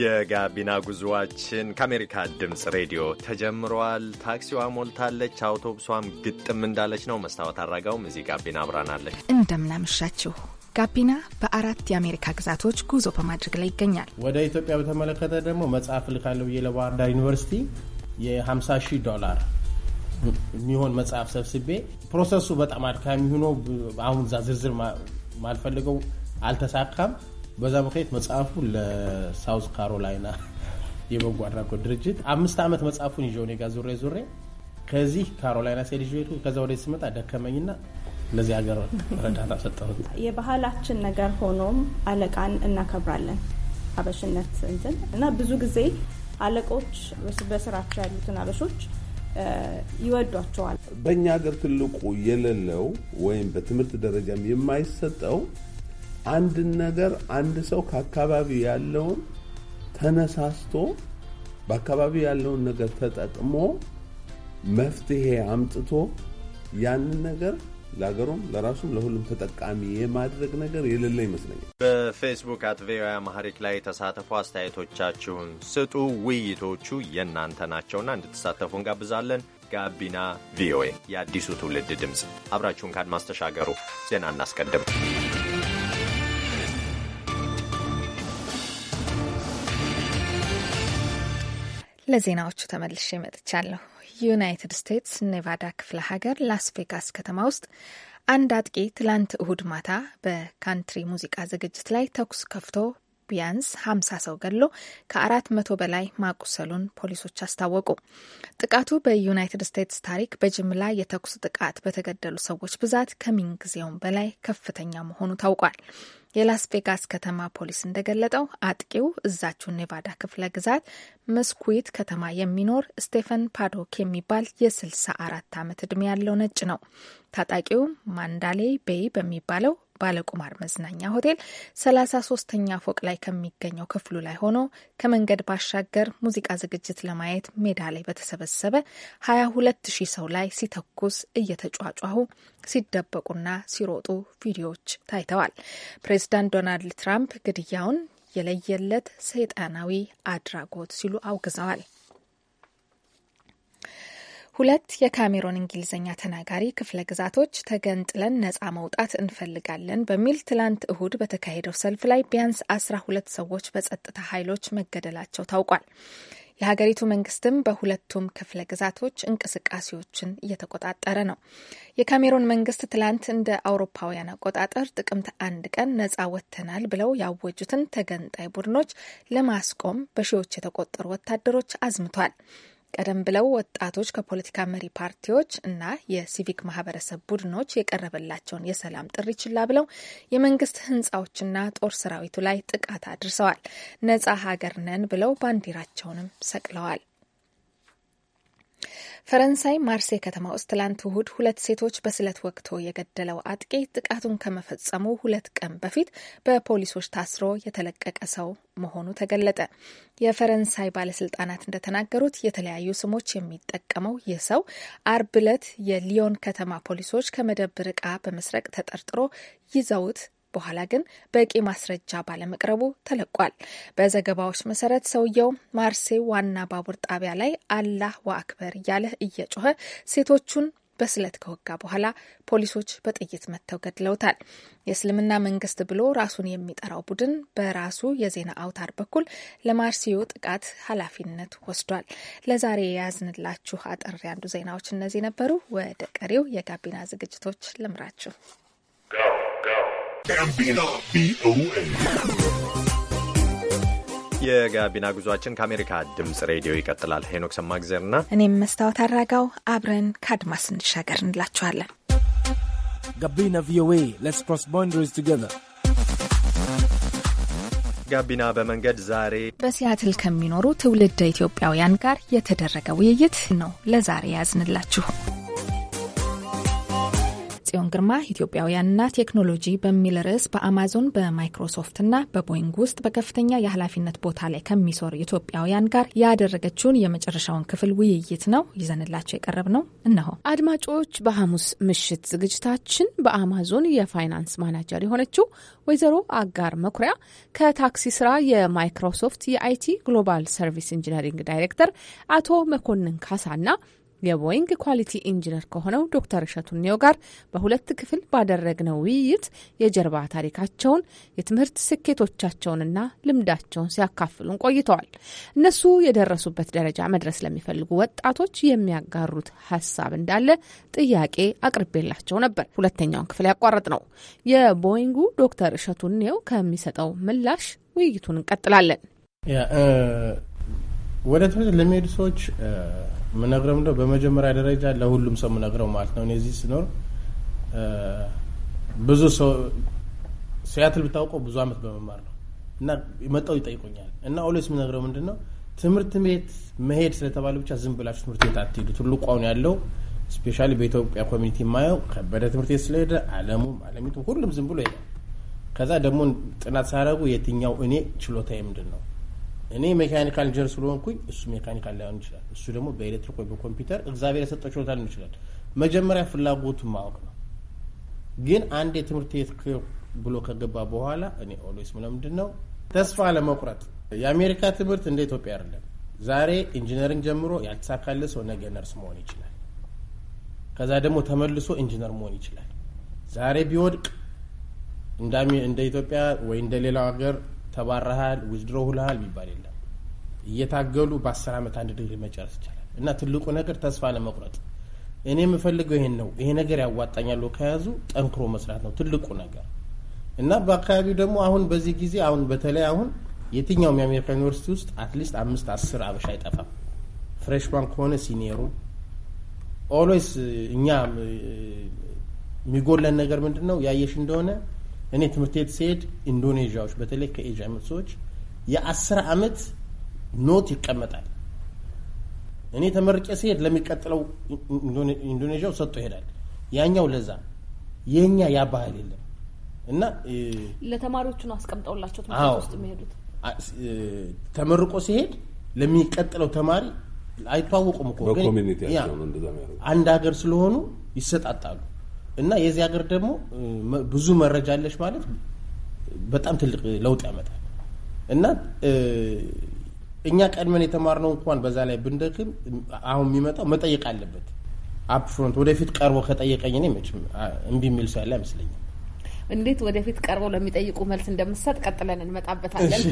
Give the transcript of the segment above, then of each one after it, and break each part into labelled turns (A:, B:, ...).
A: የጋቢና ጉዞዋችን ከአሜሪካ ድምፅ ሬዲዮ ተጀምሯል። ታክሲዋ ሞልታለች፣ አውቶቡሷም ግጥም እንዳለች ነው። መስታወት አድራጋውም እዚህ ጋቢና አብራናለች።
B: እንደምናመሻችሁ ጋቢና በአራት የአሜሪካ ግዛቶች ጉዞ በማድረግ ላይ ይገኛል።
C: ወደ ኢትዮጵያ በተመለከተ ደግሞ መጽሐፍ ልካለሁ ብዬ ለባህር ዩኒቨርሲቲ የ50 ሺህ ዶላር የሚሆን መጽሐፍ ሰብስቤ ፕሮሰሱ በጣም አድካሚ ሆኖ አሁን እዛ ዝርዝር ማልፈልገው አልተሳካም። በዛ ምክንያት መጽሐፉ ለሳውዝ ካሮላይና የበጎ አድራጎት ድርጅት አምስት ዓመት መጽሐፉን ይዤው እኔ ዙሬ ዙሬ ከዚህ ካሮላይና ሴልጅ ቤቱ ከዛ ወደ ስመጣ ደከመኝና ለዚህ ሀገር ረዳታ ሰጠሁት።
D: የባህላችን ነገር ሆኖም አለቃን እናከብራለን። አበሽነት እንትን እና ብዙ ጊዜ አለቆች በስራቸው ያሉትን አበሾች ይወዷቸዋል።
E: በእኛ ሀገር ትልቁ የሌለው ወይም በትምህርት ደረጃም የማይሰጠው አንድን ነገር አንድ ሰው ከአካባቢው ያለውን ተነሳስቶ በአካባቢው ያለውን ነገር ተጠቅሞ መፍትሄ አምጥቶ ያንን ነገር ለሀገሩም ለራሱም ለሁሉም ተጠቃሚ የማድረግ ነገር የሌለ ይመስለኛል።
A: በፌስቡክ አት ቪኦኤ አማሪክ ላይ የተሳተፉ አስተያየቶቻችሁን ስጡ። ውይይቶቹ የእናንተ ናቸውና እንድትሳተፉ እንጋብዛለን። ጋቢና ቪኦኤ የአዲሱ ትውልድ ድምፅ፣ አብራችሁን ካድማስ ተሻገሩ። ዜና እናስቀድም።
B: ለዜናዎቹ ተመልሼ መጥቻለሁ። ዩናይትድ ስቴትስ ኔቫዳ ክፍለ ሀገር ላስ ቬጋስ ከተማ ውስጥ አንድ አጥቂ ትላንት እሁድ ማታ በካንትሪ ሙዚቃ ዝግጅት ላይ ተኩስ ከፍቶ ቢያንስ 50 ሰው ገድሎ ከአራት መቶ በላይ ማቁሰሉን ፖሊሶች አስታወቁ። ጥቃቱ በዩናይትድ ስቴትስ ታሪክ በጅምላ የተኩስ ጥቃት በተገደሉ ሰዎች ብዛት ከምን በላይ ከፍተኛ መሆኑ ታውቋል። የላስ ቬጋስ ከተማ ፖሊስ እንደገለጠው አጥቂው እዛችው ኔቫዳ ክፍለ ግዛት መስኩዊት ከተማ የሚኖር ስቴፈን ፓዶክ የሚባል የ64 ዓመት ዕድሜ ያለው ነጭ ነው። ታጣቂው ማንዳሌ ቤይ በሚባለው ባለቁማር መዝናኛ ሆቴል 33 ሶስተኛ ፎቅ ላይ ከሚገኘው ክፍሉ ላይ ሆኖ ከመንገድ ባሻገር ሙዚቃ ዝግጅት ለማየት ሜዳ ላይ በተሰበሰበ 220 ሺህ ሰው ላይ ሲተኩስ እየተጫጫሁ ሲደበቁና ሲሮጡ ቪዲዮዎች ታይተዋል። ፕሬዚዳንት ዶናልድ ትራምፕ ግድያውን የለየለት ሰይጣናዊ አድራጎት ሲሉ አውግዘዋል። ሁለት የካሜሮን እንግሊዝኛ ተናጋሪ ክፍለ ግዛቶች ተገንጥለን ነጻ መውጣት እንፈልጋለን በሚል ትላንት እሁድ በተካሄደው ሰልፍ ላይ ቢያንስ አስራ ሁለት ሰዎች በጸጥታ ኃይሎች መገደላቸው ታውቋል። የሀገሪቱ መንግስትም በሁለቱም ክፍለ ግዛቶች እንቅስቃሴዎችን እየተቆጣጠረ ነው። የካሜሮን መንግስት ትላንት እንደ አውሮፓውያን አቆጣጠር ጥቅምት አንድ ቀን ነጻ ወጥተናል ብለው ያወጁትን ተገንጣይ ቡድኖች ለማስቆም በሺዎች የተቆጠሩ ወታደሮች አዝምቷል። ቀደም ብለው ወጣቶች ከፖለቲካ መሪ ፓርቲዎች እና የሲቪክ ማህበረሰብ ቡድኖች የቀረበላቸውን የሰላም ጥሪ ችላ ብለው የመንግስት ህንጻዎችና ጦር ሰራዊቱ ላይ ጥቃት አድርሰዋል። ነጻ ሀገር ነን ብለው ባንዲራቸውንም ሰቅለዋል። ፈረንሳይ ማርሴይ ከተማ ውስጥ ትላንት እሁድ ሁለት ሴቶች በስለት ወቅቶ የገደለው አጥቂ ጥቃቱን ከመፈጸሙ ሁለት ቀን በፊት በፖሊሶች ታስሮ የተለቀቀ ሰው መሆኑ ተገለጠ። የፈረንሳይ ባለስልጣናት እንደተናገሩት የተለያዩ ስሞች የሚጠቀመው ይህ ሰው አርብ ዕለት የሊዮን ከተማ ፖሊሶች ከመደብር ዕቃ በመስረቅ ተጠርጥሮ ይዘውት በኋላ ግን በቂ ማስረጃ ባለመቅረቡ ተለቋል። በዘገባዎች መሰረት ሰውየው ማርሴ ዋና ባቡር ጣቢያ ላይ አላህ ወአክበር እያለ እየጮኸ ሴቶቹን በስለት ከወጋ በኋላ ፖሊሶች በጥይት መጥተው ገድለውታል። የእስልምና መንግስት ብሎ ራሱን የሚጠራው ቡድን በራሱ የዜና አውታር በኩል ለማርሲዮ ጥቃት ኃላፊነት ወስዷል። ለዛሬ የያዝንላችሁ አጠር ያንዱ ዜናዎች እነዚህ ነበሩ። ወደ ቀሪው የጋቢና ዝግጅቶች ልምራችሁ። ጋቢና ቪኦኤ
A: የጋቢና ጉዟችን ከአሜሪካ ድምጽ ሬዲዮ ይቀጥላል። ሄኖክ ሰማግዘርና
B: እኔም መስታወት አራጋው አብረን ከአድማስ እንሻገር እንላችኋለን።
A: ጋቢና ቪኦኤ ሌትስ
E: ክሮስ ቦንደሪስ ቱጌዘር
A: ጋቢና በመንገድ ዛሬ
B: በሲያትል ከሚኖሩ ትውልደ ኢትዮጵያውያን ጋር የተደረገ ውይይት ነው ለዛሬ ያዝንላችሁ። ጽዮን ግርማ ኢትዮጵያውያንና ቴክኖሎጂ በሚል ርዕስ በአማዞን በማይክሮሶፍትና በቦይንግ ውስጥ በከፍተኛ የኃላፊነት ቦታ ላይ ከሚሰሩ ኢትዮጵያውያን ጋር ያደረገችውን የመጨረሻውን ክፍል ውይይት ነው ይዘንላቸው የቀረብ ነው። እነሆ አድማጮች፣ በሐሙስ ምሽት ዝግጅታችን በአማዞን
F: የፋይናንስ ማናጀር የሆነችው ወይዘሮ አጋር መኩሪያ ከታክሲ ስራ የማይክሮሶፍት የአይቲ ግሎባል ሰርቪስ ኢንጂነሪንግ ዳይሬክተር አቶ መኮንን ካሳና የቦይንግ ኳሊቲ ኢንጂነር ከሆነው ዶክተር እሸቱ ጋር በሁለት ክፍል ባደረግነው ውይይት የጀርባ ታሪካቸውን፣ የትምህርት ስኬቶቻቸውንና ልምዳቸውን ሲያካፍሉን ቆይተዋል። እነሱ የደረሱበት ደረጃ መድረስ ለሚፈልጉ ወጣቶች የሚያጋሩት ሀሳብ እንዳለ ጥያቄ አቅርቤላቸው ነበር። ሁለተኛውን ክፍል ያቋረጥ ነው። የቦይንጉ ዶክተር እሸቱ ከሚሰጠው ምላሽ ውይይቱን እንቀጥላለን።
C: uh, ወደ ትምህርት ለሚሄዱ ሰዎች ምነግረው ምንድነው በመጀመሪያ ደረጃ ለሁሉም ሰው ምነግረው ማለት ነው። እኔ እዚህ ስኖር ብዙ ሰው ሲያትል ብታውቀው ብዙ አመት በመማር ነው እና መጣው ይጠይቁኛል እና ኦልዌስ ምነግረው ምንድን ነው ትምህርት ቤት መሄድ ስለተባለ ብቻ ዝም ብላችሁ ትምህርት ቤት አትሄዱ። ትልቁ አሁን ያለው ስፔሻሊ በኢትዮጵያ ኮሚኒቲ የማየው ከበደ ትምህርት ቤት ስለሄደ አለሙም አለሚቱ ሁሉም ዝም ብሎ ሄዳል። ከዛ ደግሞ ጥናት ሳያደርጉ የትኛው እኔ ችሎታ ምንድን ነው እኔ ሜካኒካል ኢንጂነር ስለሆንኩኝ እሱ ሜካኒካል ላይሆን ይችላል። እሱ ደግሞ በኤሌክትሪክ ወይ በኮምፒውተር እግዚአብሔር የሰጠው ችሎታ ሊሆን ይችላል። መጀመሪያ ፍላጎቱን ማወቅ ነው። ግን አንድ የትምህርት ቤት ብሎ ከገባ በኋላ እኔ ኦልዌይስ ምለምንድን ነው ተስፋ ለመቁረጥ የአሜሪካ ትምህርት እንደ ኢትዮጵያ አይደለም። ዛሬ ኢንጂነሪንግ ጀምሮ ያልተሳካለ ሰው ነገ ነርስ መሆን ይችላል። ከዛ ደግሞ ተመልሶ ኢንጂነር መሆን ይችላል። ዛሬ ቢወድቅ እንደ ኢትዮጵያ ወይ እንደ ሌላው ሀገር ተባረሃል፣ ውዝድሮ ሁልሃል የሚባል የለም። እየታገሉ በአስር ዓመት አንድ ድግሪ መጨረስ ይቻላል። እና ትልቁ ነገር ተስፋ ለመቁረጥ እኔ የምፈልገው ይሄን ነው፣ ይሄ ነገር ያዋጣኛሉ ከያዙ ጠንክሮ መስራት ነው ትልቁ ነገር እና በአካባቢው ደግሞ አሁን በዚህ ጊዜ አሁን በተለይ አሁን የትኛውም የአሜሪካ ዩኒቨርሲቲ ውስጥ አትሊስት አምስት አስር አበሻ አይጠፋም። ፍሬሽማን ከሆነ ሲኒየሩ ኦልዌይስ እኛ የሚጎለን ነገር ምንድን ነው ያየሽ እንደሆነ እኔ ትምህርት ቤት ሲሄድ ኢንዶኔዥያዎች በተለይ ከኤዥያ የመጡ ሰዎች የአስር አመት ኖት ይቀመጣል። እኔ ተመርቄ ሲሄድ ለሚቀጥለው ኢንዶኔዥያው ሰጥቶ ይሄዳል። ያኛው ለዛ የኛ ያ ባህል የለም እና
F: ለተማሪዎቹ ነው አስቀምጠውላቸው ትምህርት ውስጥ የሚሄዱት።
C: ተመርቆ ሲሄድ ለሚቀጥለው ተማሪ አይተዋወቁም እኮ አንድ ሀገር ስለሆኑ ይሰጣጣሉ። እና የዚህ ሀገር ደግሞ ብዙ መረጃ አለሽ ማለት በጣም ትልቅ ለውጥ ያመጣል እና እኛ ቀድመን የተማርነው እንኳን በዛ ላይ ብንደክም አሁን የሚመጣው መጠየቅ አለበት። አፕፍሮንት ወደፊት ቀርቦ ከጠየቀኝ እኔ መቼም እምቢ የሚል ሰው ያለ አይመስለኝም።
F: እንዴት ወደፊት ቀርበው ለሚጠይቁ መልስ እንደምሰጥ ቀጥለን እንመጣበታለን።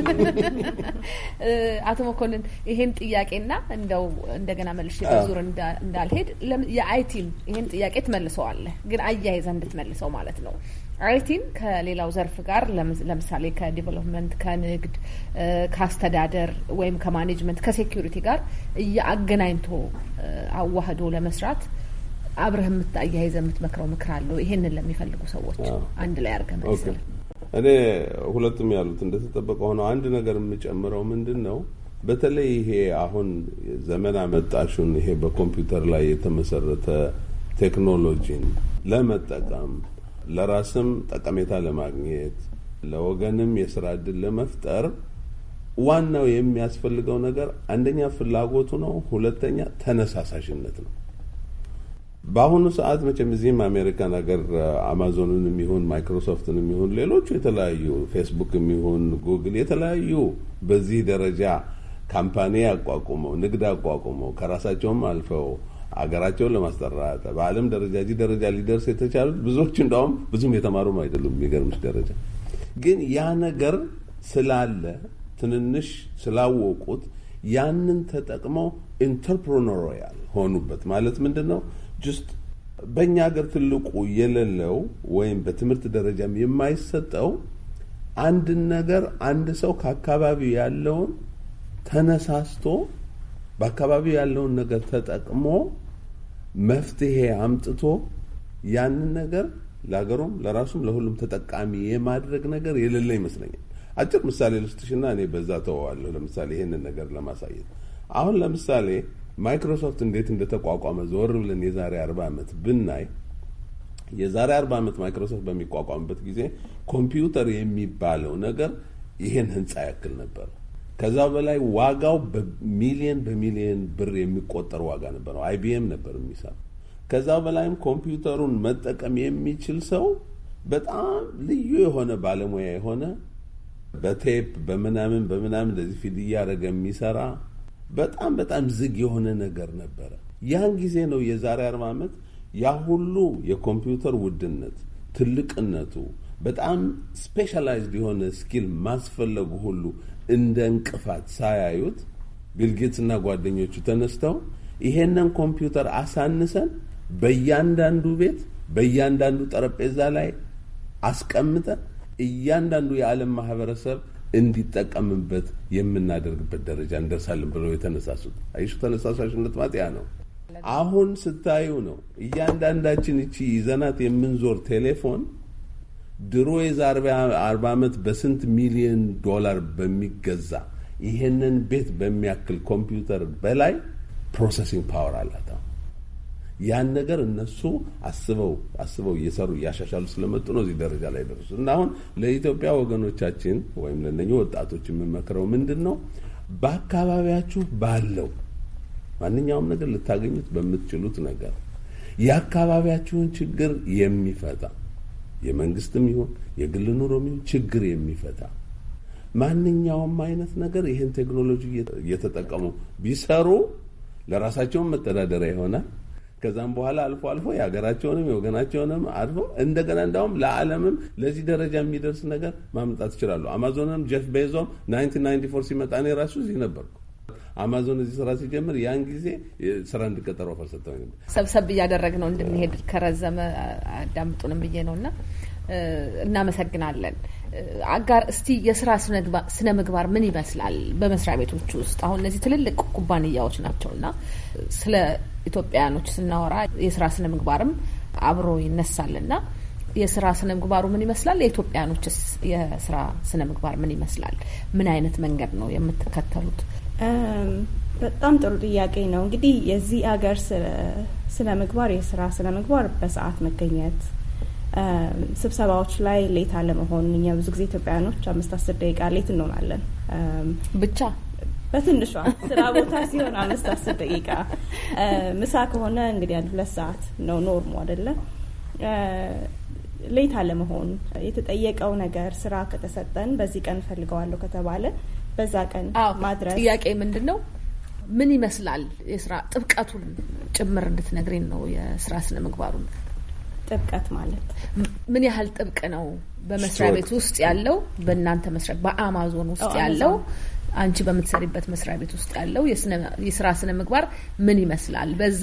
F: አቶ መኮንን ይሄን ጥያቄና እንደው እንደገና መልሼ በዙር እንዳልሄድ የአይቲን ይሄን ጥያቄ ትመልሰዋለህ፣ ግን አያይዘ እንድትመልሰው ማለት ነው። አይቲን ከሌላው ዘርፍ ጋር ለምሳሌ ከዲቨሎፕመንት፣ ከንግድ፣ ከአስተዳደር ወይም ከማኔጅመንት፣ ከሴኪሪቲ ጋር እያገናኝቶ አዋህዶ ለመስራት አብረህ የምታያይዘ የምትመክረው ምክር አለው? ይሄንን ለሚፈልጉ ሰዎች አንድ ላይ አርገ
E: እኔ ሁለቱም ያሉት እንደተጠበቀ ሆነው አንድ ነገር የምጨምረው ምንድን ነው በተለይ ይሄ አሁን ዘመን አመጣሹን ይሄ በኮምፒውተር ላይ የተመሰረተ ቴክኖሎጂን ለመጠቀም ለራስም ጠቀሜታ ለማግኘት ለወገንም የስራ እድል ለመፍጠር ዋናው የሚያስፈልገው ነገር አንደኛ ፍላጎቱ ነው፣ ሁለተኛ ተነሳሳሽነት ነው። በአሁኑ ሰዓት መቼም እዚህም አሜሪካን ሀገር አማዞንን የሚሆን ማይክሮሶፍትን የሚሆን ሌሎቹ የተለያዩ ፌስቡክ የሚሆን ጉግል የተለያዩ በዚህ ደረጃ ካምፓኒ አቋቁመው ንግድ አቋቁመው ከራሳቸውም አልፈው አገራቸውን ለማስጠራት በዓለም ደረጃ እዚህ ደረጃ ሊደርስ የተቻሉት ብዙዎች እንዳውም ብዙም የተማሩም አይደሉም። የሚገርምሽ ደረጃ ግን ያ ነገር ስላለ ትንንሽ ስላወቁት ያንን ተጠቅመው ኢንተርፕሮኖሪያል ሆኑበት ማለት ምንድን ነው? ጅስት በእኛ ሀገር ትልቁ የሌለው ወይም በትምህርት ደረጃም የማይሰጠው አንድን ነገር አንድ ሰው ከአካባቢው ያለውን ተነሳስቶ በአካባቢው ያለውን ነገር ተጠቅሞ መፍትሄ አምጥቶ ያንን ነገር ለሀገሩም ለራሱም ለሁሉም ተጠቃሚ የማድረግ ነገር የሌለ ይመስለኛል። አጭር ምሳሌ ልስጥሽና እኔ በዛ ተወዋለሁ። ለምሳሌ ይህንን ነገር ለማሳየት አሁን ለምሳሌ ማይክሮሶፍት እንዴት እንደተቋቋመ ዞር ብለን የዛሬ አርባ ዓመት ብናይ የዛሬ አርባ ዓመት ማይክሮሶፍት በሚቋቋምበት ጊዜ ኮምፒውተር የሚባለው ነገር ይሄን ህንፃ ያክል ነበር። ከዛ በላይ ዋጋው በሚሊየን በሚሊየን ብር የሚቆጠር ዋጋ ነበረው። አይቢኤም ነበር የሚሰራ። ከዛ በላይም ኮምፒውተሩን መጠቀም የሚችል ሰው በጣም ልዩ የሆነ ባለሙያ የሆነ በቴፕ በምናምን በምናምን እንደዚህ ፊድ እያደረገ የሚሰራ በጣም በጣም ዝግ የሆነ ነገር ነበረ። ያን ጊዜ ነው የዛሬ አርባ ዓመት ያ ሁሉ የኮምፒውተር ውድነት ትልቅነቱ በጣም ስፔሻላይዝድ የሆነ ስኪል ማስፈለጉ ሁሉ እንደ እንቅፋት ሳያዩት ቢልጌትስና ጓደኞቹ ተነስተው ይሄንን ኮምፒውተር አሳንሰን በእያንዳንዱ ቤት በእያንዳንዱ ጠረጴዛ ላይ አስቀምጠን እያንዳንዱ የዓለም ማህበረሰብ እንዲጠቀምበት የምናደርግበት ደረጃ እንደርሳለን ብለው የተነሳሱት አይሹ ተነሳሳሽነት ማጥያ ነው። አሁን ስታዩ ነው እያንዳንዳችን እቺ ይዘናት የምንዞር ቴሌፎን ድሮ የዛሬ አርባ ዓመት በስንት ሚሊዮን ዶላር በሚገዛ ይሄንን ቤት በሚያክል ኮምፒውተር በላይ ፕሮሰሲንግ ፓወር አላት። ያን ነገር እነሱ አስበው አስበው እየሰሩ እያሻሻሉ ስለመጡ ነው እዚህ ደረጃ ላይ ደርሱ እና አሁን ለኢትዮጵያ ወገኖቻችን ወይም ለነኚህ ወጣቶች የምመክረው ምንድን ነው በአካባቢያችሁ ባለው ማንኛውም ነገር ልታገኙት በምትችሉት ነገር የአካባቢያችሁን ችግር የሚፈታ የመንግስትም ይሁን የግል ኑሮም ይሁን ችግር የሚፈታ ማንኛውም አይነት ነገር ይህን ቴክኖሎጂ እየተጠቀሙ ቢሰሩ ለራሳቸውን መተዳደሪያ ይሆናል። ከዛም በኋላ አልፎ አልፎ የሀገራቸውንም የወገናቸውንም አልፎ እንደገና እንዳውም ለዓለምም ለዚህ ደረጃ የሚደርስ ነገር ማምጣት ይችላሉ። አማዞንም ጀፍ ቤዞም 1994 ሲመጣ እኔ ራሱ እዚህ ነበርኩ። አማዞን እዚህ ስራ ሲጀምር ያን ጊዜ ስራ እንድቀጠረው ፈርሰጠው
F: ሰብሰብ እያደረግ ነው እንድንሄድ ከረዘመ አዳምጡንም ብዬ ነው እና እናመሰግናለን። አጋር እስቲ የስራ ስነ ምግባር ምን ይመስላል በመስሪያ ቤቶች ውስጥ? አሁን እነዚህ ትልልቅ ኩባንያዎች እና ስለ ኢትዮጵያውያኖች ስናወራ የስራ ስነ ምግባርም አብሮ ይነሳልና የስራ ስነ ምግባሩ ምን ይመስላል? የኢትዮጵያኖችስ የስራ ስነ ምግባር ምን ይመስላል? ምን አይነት መንገድ ነው የምትከተሉት?
D: በጣም ጥሩ ጥያቄ ነው። እንግዲህ የዚህ አገር ስነ ምግባር የስራ ስነ ምግባር በሰዓት መገኘት ስብሰባዎች ላይ ሌት አለመሆን። እኛ ብዙ ጊዜ ኢትዮጵያውያኖች አምስት አስር ደቂቃ ሌት እንሆናለን ብቻ በትንሿ ስራ ቦታ ሲሆን አምስት አስር ደቂቃ፣ ምሳ ከሆነ እንግዲህ አንድ ሁለት ሰዓት ነው ኖርሙ አይደለ? ሌት አለመሆን፣ የተጠየቀው ነገር ስራ ከተሰጠን በዚህ ቀን እፈልገዋለሁ ከተባለ በዛ ቀን ማድረስ። ጥያቄ ምንድን ነው? ምን ይመስላል? የስራ ጥብቀቱን ጭምር
F: እንድትነግሬን ነው የስራ ስነ ምግባሩን ጥብቀት ማለት ምን ያህል ጥብቅ ነው? በመስሪያ ቤት ውስጥ ያለው በእናንተ መስሪያ በአማዞን ውስጥ ያለው አንቺ በምትሰሪበት መስሪያ ቤት ውስጥ ያለው የስራ ስነ ምግባር ምን ይመስላል? በዛ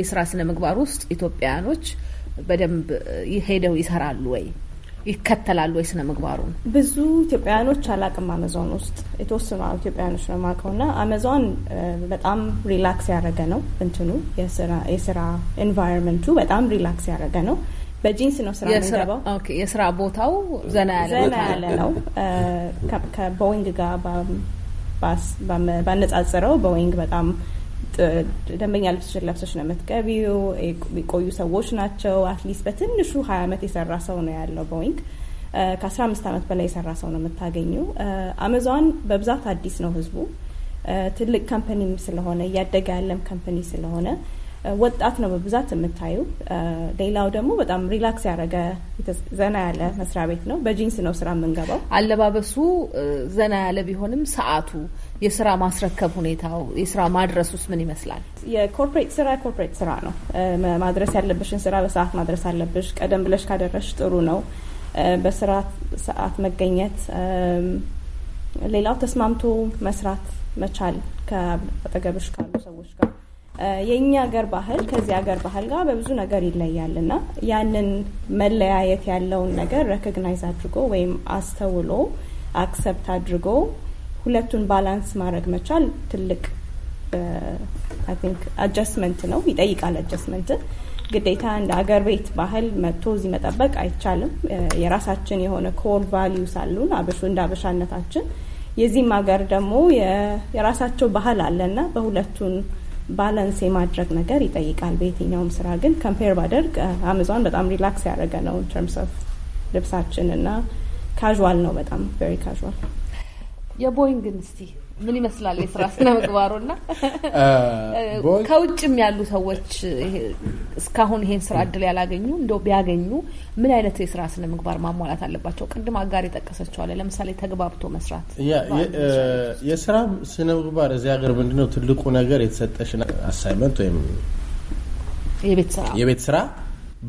F: የስራ ስነ ምግባር ውስጥ ኢትዮጵያውያኖች በደንብ ሄደው ይሰራሉ ወይ?
D: ይከተላሉ ወይ ስነ ምግባሩን? ብዙ ኢትዮጵያውያኖች አላቅም። አመዞን ውስጥ የተወሰኑ ኢትዮጵያውያኖች ነው የማውቀው እና አመዞን በጣም ሪላክስ ያደረገ ነው። እንትኑ የስራ ኤንቫይሮንመንቱ በጣም ሪላክስ ያደረገ ነው። በጂንስ ነው ስራ የምንገባው። የስራ ቦታው ዘና ያለ ነው። ከቦይንግ ጋር ባነጻጽረው ቦይንግ በጣም ደንበኛ ልብሶችን ለብሶች ነው የምትገቢው። የቆዩ ሰዎች ናቸው። አትሊስት በትንሹ ሀያ ዓመት የሰራ ሰው ነው ያለው ቦይንግ ከአስራ አምስት ዓመት በላይ የሰራ ሰው ነው የምታገኘው። አመዛን በብዛት አዲስ ነው ህዝቡ ትልቅ ካምፓኒም ስለሆነ እያደገ ያለም ካምፓኒ ስለሆነ ወጣት ነው በብዛት የምታዩ። ሌላው ደግሞ በጣም ሪላክስ ያደረገ ዘና ያለ መስሪያ ቤት ነው። በጂንስ ነው ስራ የምንገባው። አለባበሱ ዘና ያለ ቢሆንም ሰዓቱ፣
F: የስራ ማስረከብ ሁኔታው፣ የስራ ማድረስ ውስጥ ምን ይመስላል?
D: የኮርፖሬት ስራ የኮርፖሬት ስራ ነው። ማድረስ ያለብሽን ስራ በሰዓት ማድረስ አለብሽ። ቀደም ብለሽ ካደረሽ ጥሩ ነው። በስራ ሰዓት መገኘት፣ ሌላው ተስማምቶ መስራት መቻል ከአጠገብሽ ካሉ ሰዎች ጋር የእኛ ሀገር ባህል ከዚህ ሀገር ባህል ጋር በብዙ ነገር ይለያል እና ያንን መለያየት ያለውን ነገር ረኮግናይዝ አድርጎ ወይም አስተውሎ አክሰፕት አድርጎ ሁለቱን ባላንስ ማድረግ መቻል ትልቅ አጀስትመንት ነው፣ ይጠይቃል። አጀስትመንት ግዴታ እንደ አገር ቤት ባህል መጥቶ እዚህ መጠበቅ አይቻልም። የራሳችን የሆነ ኮር ቫሊዩስ አሉን አበሹ እንደ አበሻነታችን የዚህም ሀገር ደግሞ የራሳቸው ባህል አለና በሁለቱን ባላንስ የማድረግ ነገር ይጠይቃል። በየትኛውም ስራ ግን ከምፔር ባደርግ አማዞን በጣም ሪላክስ ያደረገ ነው። ተርምስ ኦፍ ልብሳችን እና ካዥዋል ነው፣ በጣም ቬሪ ካዥዋል።
F: የቦይንግን እስቲ ምን ይመስላል የስራ ስነ ምግባሩና ከውጭም ያሉ ሰዎች እስካሁን ይሄን ስራ እድል ያላገኙ እንደው ቢያገኙ ምን አይነት የስራ ስነ ምግባር ማሟላት አለባቸው? ቅድም አጋር የጠቀሰችዋለ ለምሳሌ ተግባብቶ መስራት
C: የስራ ስነ ምግባር እዚህ ሀገር ምንድነው ትልቁ ነገር የተሰጠሽን አሳይመንት ወይም የቤት ስራ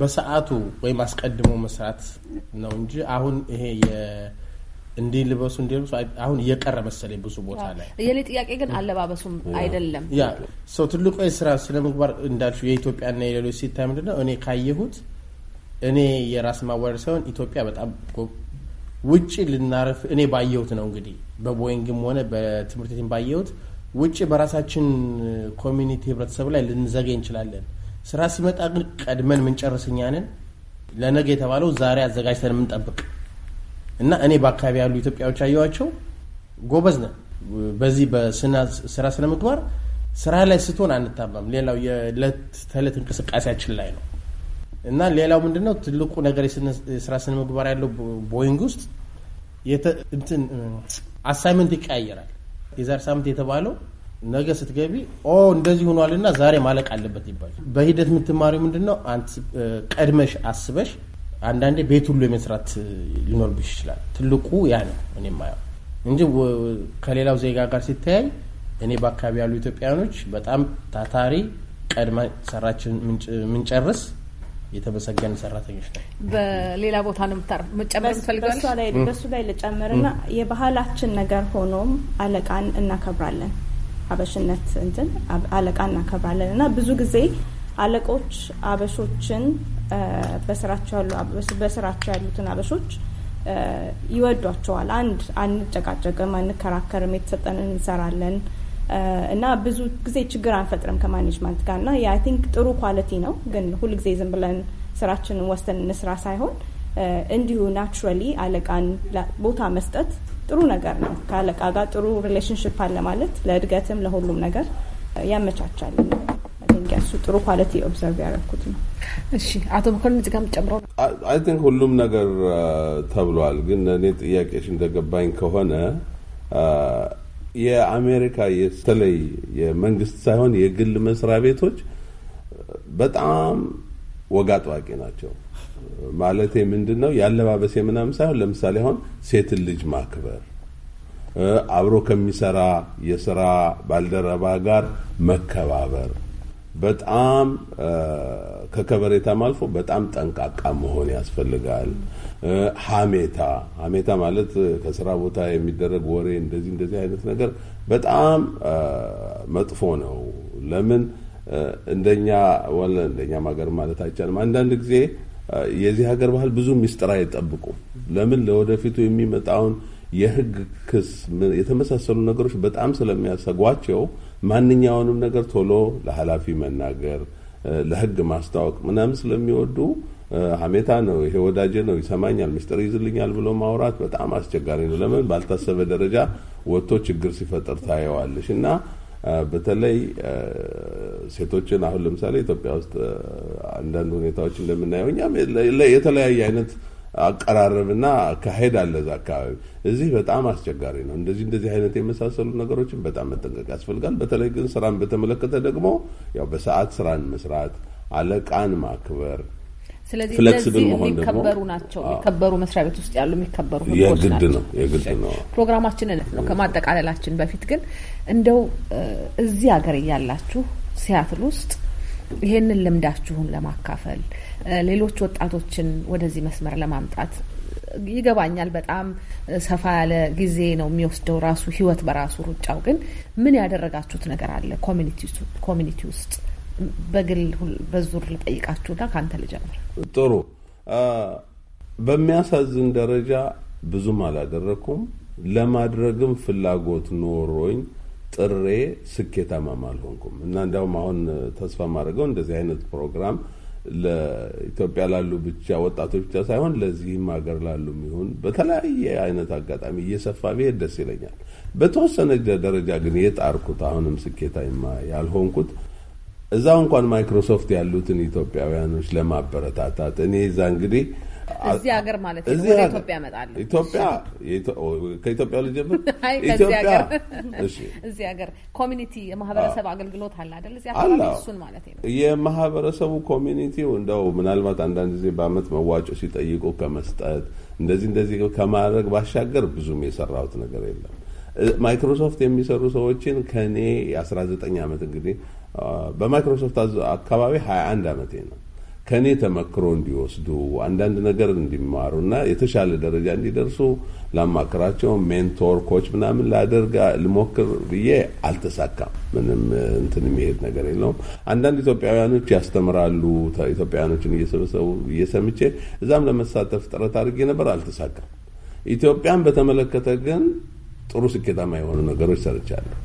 C: በሰዓቱ ወይም አስቀድሞ መስራት ነው እንጂ አሁን ይሄ እንዲህ ልበሱ እንዲለብሱ አሁን እየቀረ መሰለኝ ብዙ ቦታ ላይ።
F: የኔ ጥያቄ ግን አለባበሱም አይደለም
C: ያ ሰው ትልቁ የስራ ስነ ምግባር እንዳልሽው የኢትዮጵያና የሌሎች ሲታይ ምንድነው እኔ ካየሁት እኔ የራስ ማዋረድ ሳይሆን ኢትዮጵያ በጣም ውጭ ልናረፍ እኔ ባየሁት ነው እንግዲህ በቦይንግም ሆነ በትምህርት ቤትም ባየሁት ውጭ በራሳችን ኮሚኒቲ ህብረተሰብ ላይ ልንዘገይ እንችላለን። ስራ ሲመጣ ግን ቀድመን ምንጨርስኛንን ለነገ የተባለው ዛሬ አዘጋጅተን የምንጠብቅ እና እኔ በአካባቢ ያሉ ኢትዮጵያዎች አየዋቸው ጎበዝ ነን። በዚህ በስራ ስነ ምግባር ስራ ላይ ስትሆን አንታማም። ሌላው የዕለት ተዕለት እንቅስቃሴያችን ላይ ነው እና ሌላው ምንድነው ትልቁ ነገር የስራ ስነ ምግባር ያለው ቦይንግ ውስጥ እንትን አሳይመንት ይቀያየራል። የዛሬ ሳምንት የተባለው ነገ ስትገቢ ኦ እንደዚህ ሆኗልና ዛሬ ማለቅ አለበት ይባል። በሂደት የምትማሪው ምንድነው ቀድመሽ አስበሽ አንዳንዴ ቤት ሁሉ የመስራት ሊኖርብሽ ይችላል። ትልቁ ያ ነው እኔ ማየው እንጂ ከሌላው ዜጋ ጋር ሲተያይ እኔ በአካባቢ ያሉ ኢትዮጵያውያኖች በጣም ታታሪ ቀድማ ሰራችን ምንጨርስ የተመሰገን ሰራተኞች ነው።
D: በሌላ ቦታ ነው መጨመር ትፈልጋለች። በሱ ላይ ልጨምርና የባህላችን ነገር ሆኖም አለቃን እናከብራለን። አበሽነት እንትን አለቃ እናከብራለን እና ብዙ ጊዜ አለቆች አበሾችን በስራቸው ያሉትን አበሾች ይወዷቸዋል። አንድ አንጨቃጨቅም፣ አንከራከርም፣ የተሰጠንን እንሰራለን እና ብዙ ጊዜ ችግር አንፈጥርም ከማኔጅመንት ጋር እና አይ ቲንክ ጥሩ ኳሊቲ ነው። ግን ሁልጊዜ ዝም ብለን ስራችንን ወስደን እንስራ ሳይሆን እንዲሁ ናቹራሊ አለቃን ቦታ መስጠት ጥሩ ነገር ነው። ከአለቃ ጋር ጥሩ ሪሌሽንሽፕ አለ ማለት ለእድገትም ለሁሉም ነገር ያመቻቻል። እሱ ጥሩ ኳሊቲ ኦብዘርቭ ያደረኩት ነው። እሺ አቶ መኮንን እዚህ ጋር
E: አይ ቲንክ ሁሉም ነገር ተብሏል። ግን እኔ ጥያቄሽ እንደገባኝ ከሆነ የአሜሪካ የተለይ የመንግስት ሳይሆን የግል መስሪያ ቤቶች በጣም ወግ አጥባቂ ናቸው። ማለቴ ምንድን ነው ያለባበስ ምናምን ሳይሆን ለምሳሌ አሁን ሴትን ልጅ ማክበር አብሮ ከሚሰራ የስራ ባልደረባ ጋር መከባበር በጣም ከከበሬታም አልፎ በጣም ጠንቃቃ መሆን ያስፈልጋል። ሀሜታ ሀሜታ ማለት ከስራ ቦታ የሚደረግ ወሬ እንደዚህ እንደዚህ አይነት ነገር በጣም መጥፎ ነው። ለምን እንደኛ ወለ እንደኛም ሀገር ማለት አይቻልም። አንዳንድ ጊዜ የዚህ ሀገር ባህል ብዙ ሚስጥር አይጠብቁም። ለምን ለወደፊቱ የሚመጣውን የህግ ክስ የተመሳሰሉ ነገሮች በጣም ስለሚያሰጓቸው ማንኛውንም ነገር ቶሎ ለኃላፊ መናገር፣ ለህግ ማስታወቅ ምናምን ስለሚወዱ ሀሜታ ነው። ይሄ ወዳጀ ነው፣ ይሰማኛል፣ ምስጢር ይዝልኛል ብሎ ማውራት በጣም አስቸጋሪ ነው። ለምን ባልታሰበ ደረጃ ወጥቶ ችግር ሲፈጠር ታየዋለሽ። እና በተለይ ሴቶችን አሁን ለምሳሌ ኢትዮጵያ ውስጥ አንዳንድ ሁኔታዎች እንደምናየው እኛም የተለያየ አይነት አቀራረብና አካሄድ አለ እዛ አካባቢ። እዚህ በጣም አስቸጋሪ ነው። እንደዚህ እንደዚህ አይነት የመሳሰሉ ነገሮችን በጣም መጠንቀቅ ያስፈልጋል። በተለይ ግን ስራን በተመለከተ ደግሞ ያው በሰዓት ስራን መስራት፣ አለቃን ማክበር፣ ስለዚህ ፍለክስብል ናቸው
F: የሚከበሩ መስሪያ ቤት ውስጥ ያሉ የሚከበሩ የግድ ነው የግድ ነው። ፕሮግራማችን ነው። ከማጠቃለላችን በፊት ግን እንደው እዚህ ሀገር እያላችሁ ሲያትል ውስጥ ይሄንን ልምዳችሁን ለማካፈል ሌሎች ወጣቶችን ወደዚህ መስመር ለማምጣት ይገባኛል። በጣም ሰፋ ያለ ጊዜ ነው የሚወስደው ራሱ ህይወት በራሱ ሩጫው። ግን ምን ያደረጋችሁት ነገር አለ ኮሚኒቲ ውስጥ? በግል በዙር ልጠይቃችሁና ከአንተ ልጀምር።
E: ጥሩ። በሚያሳዝን ደረጃ ብዙም አላደረግኩም። ለማድረግም ፍላጎት ኖሮኝ ጥሬ ስኬታማም አልሆንኩም እና እንዲያውም አሁን ተስፋ ማድረገው እንደዚህ አይነት ፕሮግራም ለኢትዮጵያ ላሉ ብቻ ወጣቶች ብቻ ሳይሆን ለዚህም ሀገር ላሉ የሚሆን በተለያየ አይነት አጋጣሚ እየሰፋ ብሄድ ደስ ይለኛል። በተወሰነ ደረጃ ግን የጣርኩት አሁንም ስኬታማ ያልሆንኩት እዛው እንኳን ማይክሮሶፍት ያሉትን ኢትዮጵያውያኖች ለማበረታታት እኔ እዛ እንግዲህ እዚህ
F: ሀገር ማለት ነው። ወደ ኢትዮጵያ እመጣለሁ። ኢትዮጵያ
E: ከኢትዮጵያ ልጀምር። ኢትዮጵያ
F: እዚህ ሀገር ኮሚኒቲ የማህበረሰብ አገልግሎት አለ አይደል? እዚህ አካባቢ እሱን ማለት ነው።
E: የማህበረሰቡ ኮሚኒቲ እንደው ምናልባት አንዳንድ ጊዜ በአመት መዋጮ ሲጠይቁ ከመስጠት እንደዚህ እንደዚህ ከማድረግ ባሻገር ብዙም የሰራሁት ነገር የለም። ማይክሮሶፍት የሚሰሩ ሰዎችን ከእኔ የ19 ዓመት እንግዲህ በማይክሮሶፍት አካባቢ 21 ዓመቴ ነው ከእኔ ተመክሮ እንዲወስዱ አንዳንድ ነገር እንዲማሩና የተሻለ ደረጃ እንዲደርሱ ላማክራቸው ሜንቶር ኮች ምናምን ላደርግ ልሞክር ብዬ አልተሳካም። ምንም እንትን የሚሄድ ነገር የለውም። አንዳንድ ኢትዮጵያውያኖች ያስተምራሉ ኢትዮጵያውያኖችን እየሰበሰቡ እየሰምቼ እዛም ለመሳተፍ ጥረት አድርጌ ነበር፣ አልተሳካም። ኢትዮጵያን በተመለከተ ግን ጥሩ ስኬታማ የሆኑ ነገሮች ሰርቻለሁ።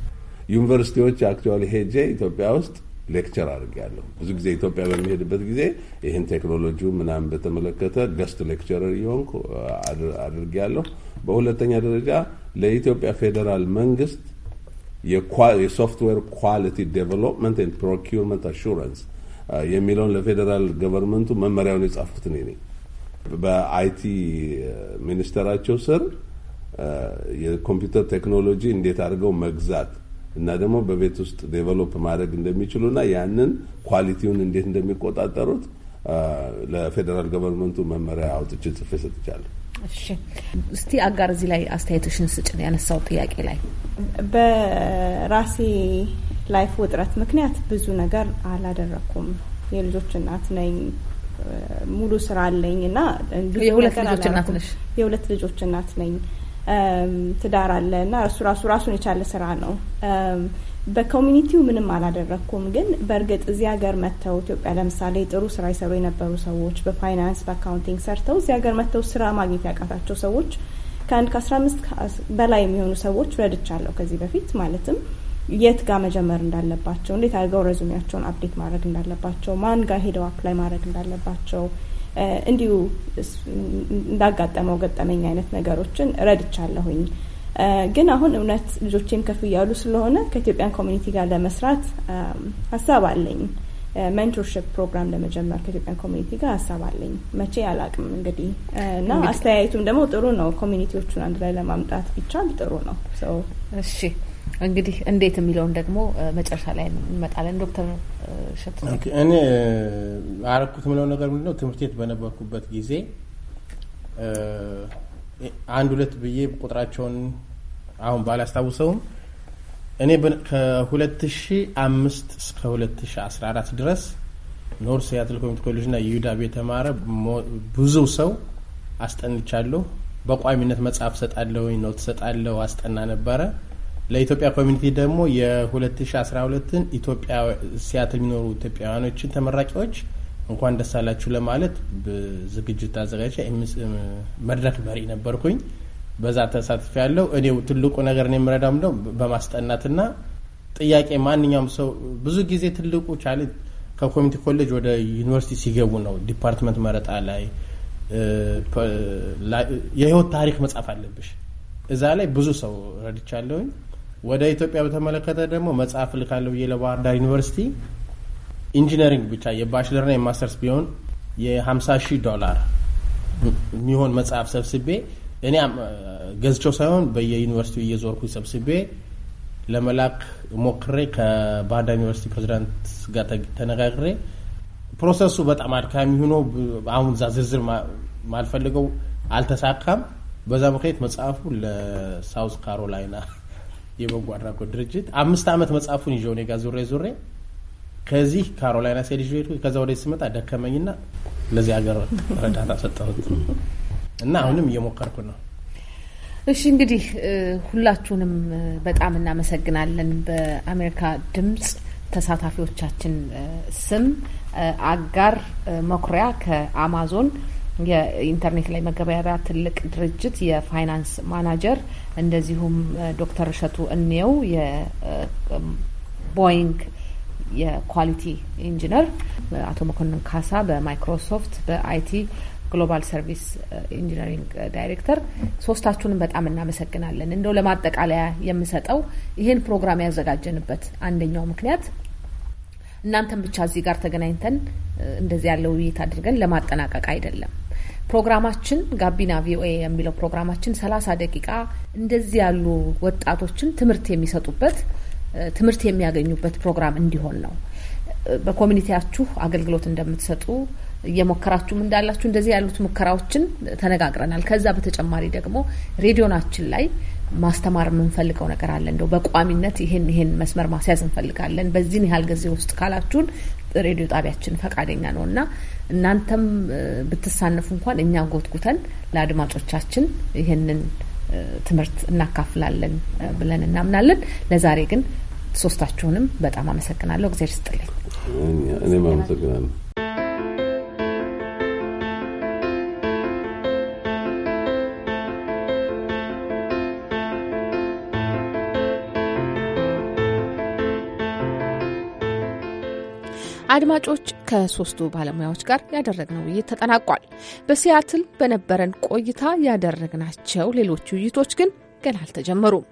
E: ዩኒቨርሲቲዎች አክቹዋሊ ሄጄ ኢትዮጵያ ውስጥ ሌክቸር አድርጌያለሁ። ብዙ ጊዜ ኢትዮጵያ በሚሄድበት ጊዜ ይህን ቴክኖሎጂ ምናምን በተመለከተ ገስት ሌክቸረር እየሆንኩ አድርጌያለሁ። በሁለተኛ ደረጃ ለኢትዮጵያ ፌዴራል መንግስት የሶፍትዌር ኳሊቲ ዴቨሎፕመንት ኤንድ ፕሮኪርመንት አሹራንስ የሚለውን ለፌዴራል ገቨርንመንቱ መመሪያውን የጻፉት እኔ ነኝ። በአይቲ ሚኒስቴራቸው ስር የኮምፒውተር ቴክኖሎጂ እንዴት አድርገው መግዛት እና ደግሞ በቤት ውስጥ ዴቨሎፕ ማድረግ እንደሚችሉና ያንን ኳሊቲውን እንዴት እንደሚቆጣጠሩት ለፌዴራል ገቨርንመንቱ መመሪያ አውጥቼ ጽፌ ሰጥቻለሁ።
F: እሺ እስቲ አጋር እዚህ ላይ አስተያየቶችን ስጭን። ያነሳው ጥያቄ ላይ
D: በራሴ ላይፍ ውጥረት ምክንያት ብዙ ነገር አላደረኩም። የልጆች እናት ነኝ፣ ሙሉ ስራ አለኝ እና የሁለት ልጆች እናት ነሽ? የሁለት ልጆች እናት ነኝ ትዳር አለ እና እሱ ራሱ ራሱን የቻለ ስራ ነው። በኮሚኒቲው ምንም አላደረግኩም፣ ግን በእርግጥ እዚህ ሀገር መጥተው ኢትዮጵያ ለምሳሌ ጥሩ ስራ ይሰሩ የነበሩ ሰዎች በፋይናንስ በአካውንቲንግ ሰርተው እዚህ ሀገር መጥተው ስራ ማግኘት ያቃታቸው ሰዎች ከአንድ ከአስራ አምስት በላይ የሚሆኑ ሰዎች ረድቻለሁ ከዚህ በፊት ማለትም የት ጋር መጀመር እንዳለባቸው፣ እንዴት አድርገው ረዙሚያቸውን አፕዴት ማድረግ እንዳለባቸው፣ ማን ጋር ሄደው አፕላይ ማድረግ እንዳለባቸው እንዲሁ እንዳጋጠመው ገጠመኝ አይነት ነገሮችን ረድቻለሁኝ። ግን አሁን እውነት ልጆቼም ከፍ እያሉ ስለሆነ ከኢትዮጵያን ኮሚኒቲ ጋር ለመስራት ሀሳብ አለኝ። ሜንቶርሽፕ ፕሮግራም ለመጀመር ከኢትዮጵያን ኮሚኒቲ ጋር ሀሳብ አለኝ። መቼ አላቅም እንግዲህ እና አስተያየቱም ደግሞ ጥሩ ነው። ኮሚኒቲዎቹን አንድ ላይ ለማምጣት ቢቻል ጥሩ ነው። እሺ
F: እንግዲህ እንዴት የሚለውን ደግሞ መጨረሻ ላይ እንመጣለን። ዶክተር ሸቱ እኔ
C: አረኩት የምለው ነገር ምንድነው ትምህርት ቤት በነበርኩበት ጊዜ አንድ ሁለት ብዬ ቁጥራቸውን አሁን ባላስታውሰውም እኔ ከ2005 እስከ 2014 ድረስ ኖርስ ሲያትል ኮሚኒቲ ኮሌጅና ይሁዳ የተማረ ብዙ ሰው አስጠንቻለሁ። በቋሚነት መጽሐፍ ሰጣለሁ፣ ኖት ሰጣለሁ፣ አስጠና ነበረ። ለኢትዮጵያ ኮሚኒቲ ደግሞ የ2012ን ኢትዮጵያ ሲያትል የሚኖሩ ኢትዮጵያውያኖችን ተመራቂዎች እንኳን ደስ አላችሁ ለማለት ዝግጅት አዘጋጅ መድረክ መሪ ነበርኩኝ። በዛ ተሳትፍ ያለው እኔው ትልቁ ነገር ነው የምረዳም ነው በማስጠናትና ጥያቄ ማንኛውም ሰው ብዙ ጊዜ ትልቁ ቻሌ ከኮሚኒቲ ኮሌጅ ወደ ዩኒቨርሲቲ ሲገቡ ነው። ዲፓርትመንት መረጣ ላይ የህይወት ታሪክ መጻፍ አለብሽ። እዛ ላይ ብዙ ሰው ረድቻለሁኝ። ወደ ኢትዮጵያ በተመለከተ ደግሞ መጽሐፍ ልካለሁ ብዬ ለባህር ዳር ዩኒቨርሲቲ ኢንጂነሪንግ ብቻ የባችለርና የማስተርስ ቢሆን የ50 ሺህ ዶላር የሚሆን መጽሐፍ ሰብስቤ እኔ ገዝቸው ሳይሆን በየዩኒቨርሲቲው እየዞርኩ ሰብስቤ ለመላክ ሞክሬ ከባህር ዳር ዩኒቨርሲቲ ፕሬዚዳንት ጋር ተነጋግሬ ፕሮሰሱ በጣም አድካሚ ሆኖ አሁን እዛ ዝርዝር ማልፈልገው አልተሳካም። በዛ ምክንያት መጽሐፉ ለሳውዝ ካሮላይና የበጎ አድራጎት ድርጅት አምስት ዓመት መጽሐፉን ይዤው እኔ ጋር ዙሬ ዙሬ ከዚህ ካሮላይና ሴል ይዤው ሄድኩኝ። ከዛ ወደ ስመጣ ደከመኝና ለዚህ ሀገር ረዳታ ሰጠሁት እና አሁንም እየሞከርኩ ነው።
F: እሺ እንግዲህ ሁላችሁንም በጣም እናመሰግናለን። በአሜሪካ ድምጽ ተሳታፊዎቻችን ስም አጋር መኩሪያ ከአማዞን የኢንተርኔት ላይ መገበያያ ትልቅ ድርጅት የፋይናንስ ማናጀር፣ እንደዚሁም ዶክተር እሸቱ እንየው የቦይንግ የኳሊቲ ኢንጂነር፣ አቶ መኮንን ካሳ በማይክሮሶፍት በአይቲ ግሎባል ሰርቪስ ኢንጂነሪንግ ዳይሬክተር፣ ሶስታችሁንም በጣም እናመሰግናለን። እንደው ለማጠቃለያ የምሰጠው ይህን ፕሮግራም ያዘጋጀንበት አንደኛው ምክንያት እናንተን ብቻ እዚህ ጋር ተገናኝተን እንደዚህ ያለ ውይይት አድርገን ለማጠናቀቅ አይደለም። ፕሮግራማችን ጋቢና ቪኦኤ የሚለው ፕሮግራማችን ሰላሳ ደቂቃ እንደዚህ ያሉ ወጣቶችን ትምህርት የሚሰጡበት ትምህርት የሚያገኙበት ፕሮግራም እንዲሆን ነው። በኮሚኒቲያችሁ አገልግሎት እንደምትሰጡ እየሞከራችሁም እንዳላችሁ እንደዚህ ያሉት ሙከራዎችን ተነጋግረናል። ከዛ በተጨማሪ ደግሞ ሬዲዮናችን ላይ ማስተማር የምንፈልገው ነገር አለ። እንደው በቋሚነት ይሄን ይሄን መስመር ማስያዝ እንፈልጋለን፣ በዚህን ያህል ጊዜ ውስጥ ካላችሁን ሬዲዮ ጣቢያችን ፈቃደኛ ነው እና እናንተም ብትሳነፉ እንኳን እኛ ጎትጉተን ለአድማጮቻችን ይህንን ትምህርት እናካፍላለን ብለን እናምናለን። ለዛሬ ግን ሶስታችሁንም በጣም አመሰግናለሁ። እግዜር ስጥልኝ።
E: እኔም አመሰግናለሁ።
B: አድማጮች
F: ከሶስቱ ባለሙያዎች ጋር ያደረግነው ውይይት ተጠናቋል። በሲያትል በነበረን ቆይታ ያደረግናቸው ሌሎች ውይይቶች ግን ገና አልተጀመሩም።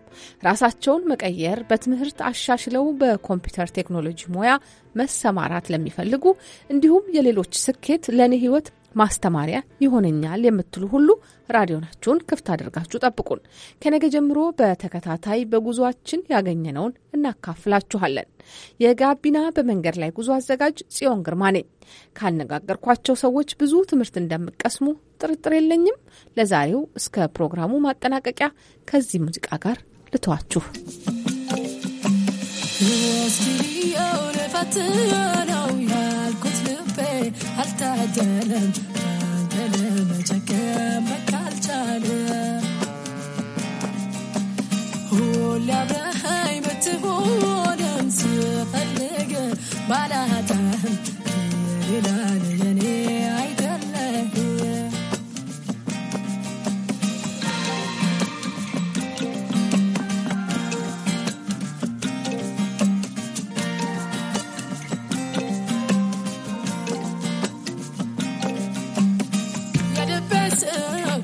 F: ራሳቸውን መቀየር በትምህርት አሻሽለው በኮምፒውተር ቴክኖሎጂ ሙያ መሰማራት ለሚፈልጉ እንዲሁም የሌሎች ስኬት ለእኔ ህይወት ። ማስተማሪያ ይሆነኛል የምትሉ ሁሉ ራዲዮናችሁን ክፍት አድርጋችሁ ጠብቁን። ከነገ ጀምሮ በተከታታይ በጉዞአችን ያገኘነውን እናካፍላችኋለን። የጋቢና በመንገድ ላይ ጉዞ አዘጋጅ ጽዮን ግርማ ነኝ። ካነጋገርኳቸው ሰዎች ብዙ ትምህርት እንደምቀስሙ ጥርጥር የለኝም። ለዛሬው እስከ ፕሮግራሙ ማጠናቀቂያ ከዚህ ሙዚቃ ጋር ልተዋችሁ።
B: Let's አልታገለም ካንተን መቸከ መካልቻለ
F: ሁሌ አብረኸኝ ብትሆንም ስፈልግ ባላጣህም ይላል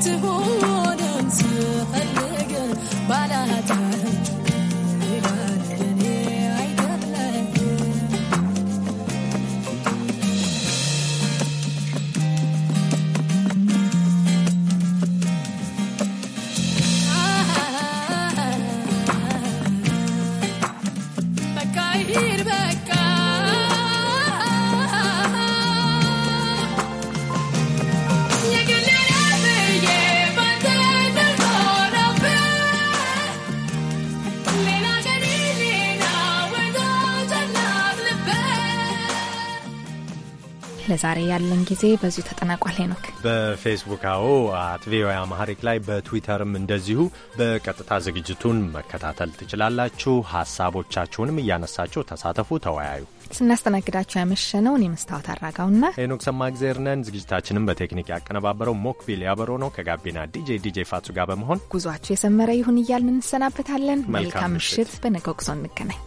F: to hold.
B: ለዛሬ ያለን ጊዜ በዚሁ ተጠናቋል። ሄኖክ
A: በፌስቡክ አዎ አት ቪኦኤ አማሪክ ላይ በትዊተርም እንደዚሁ በቀጥታ ዝግጅቱን መከታተል ትችላላችሁ። ሀሳቦቻችሁንም እያነሳችሁ ተሳተፉ፣ ተወያዩ።
B: ስናስተናግዳችሁ ያመሸነው እኔ መስታወት አራጋውና
A: ሄኖክ ሰማእግዜር ነን። ዝግጅታችንም በቴክኒክ ያቀነባበረው ሞክቢል ያበሮ ነው። ከጋቢና ዲጄ ዲጄ ፋቱ ጋር በመሆን
B: ጉዟችሁ የሰመረ ይሁን እያልን እንሰናበታለን። መልካም ምሽት። በነገው ጉዞ እንገናኝ።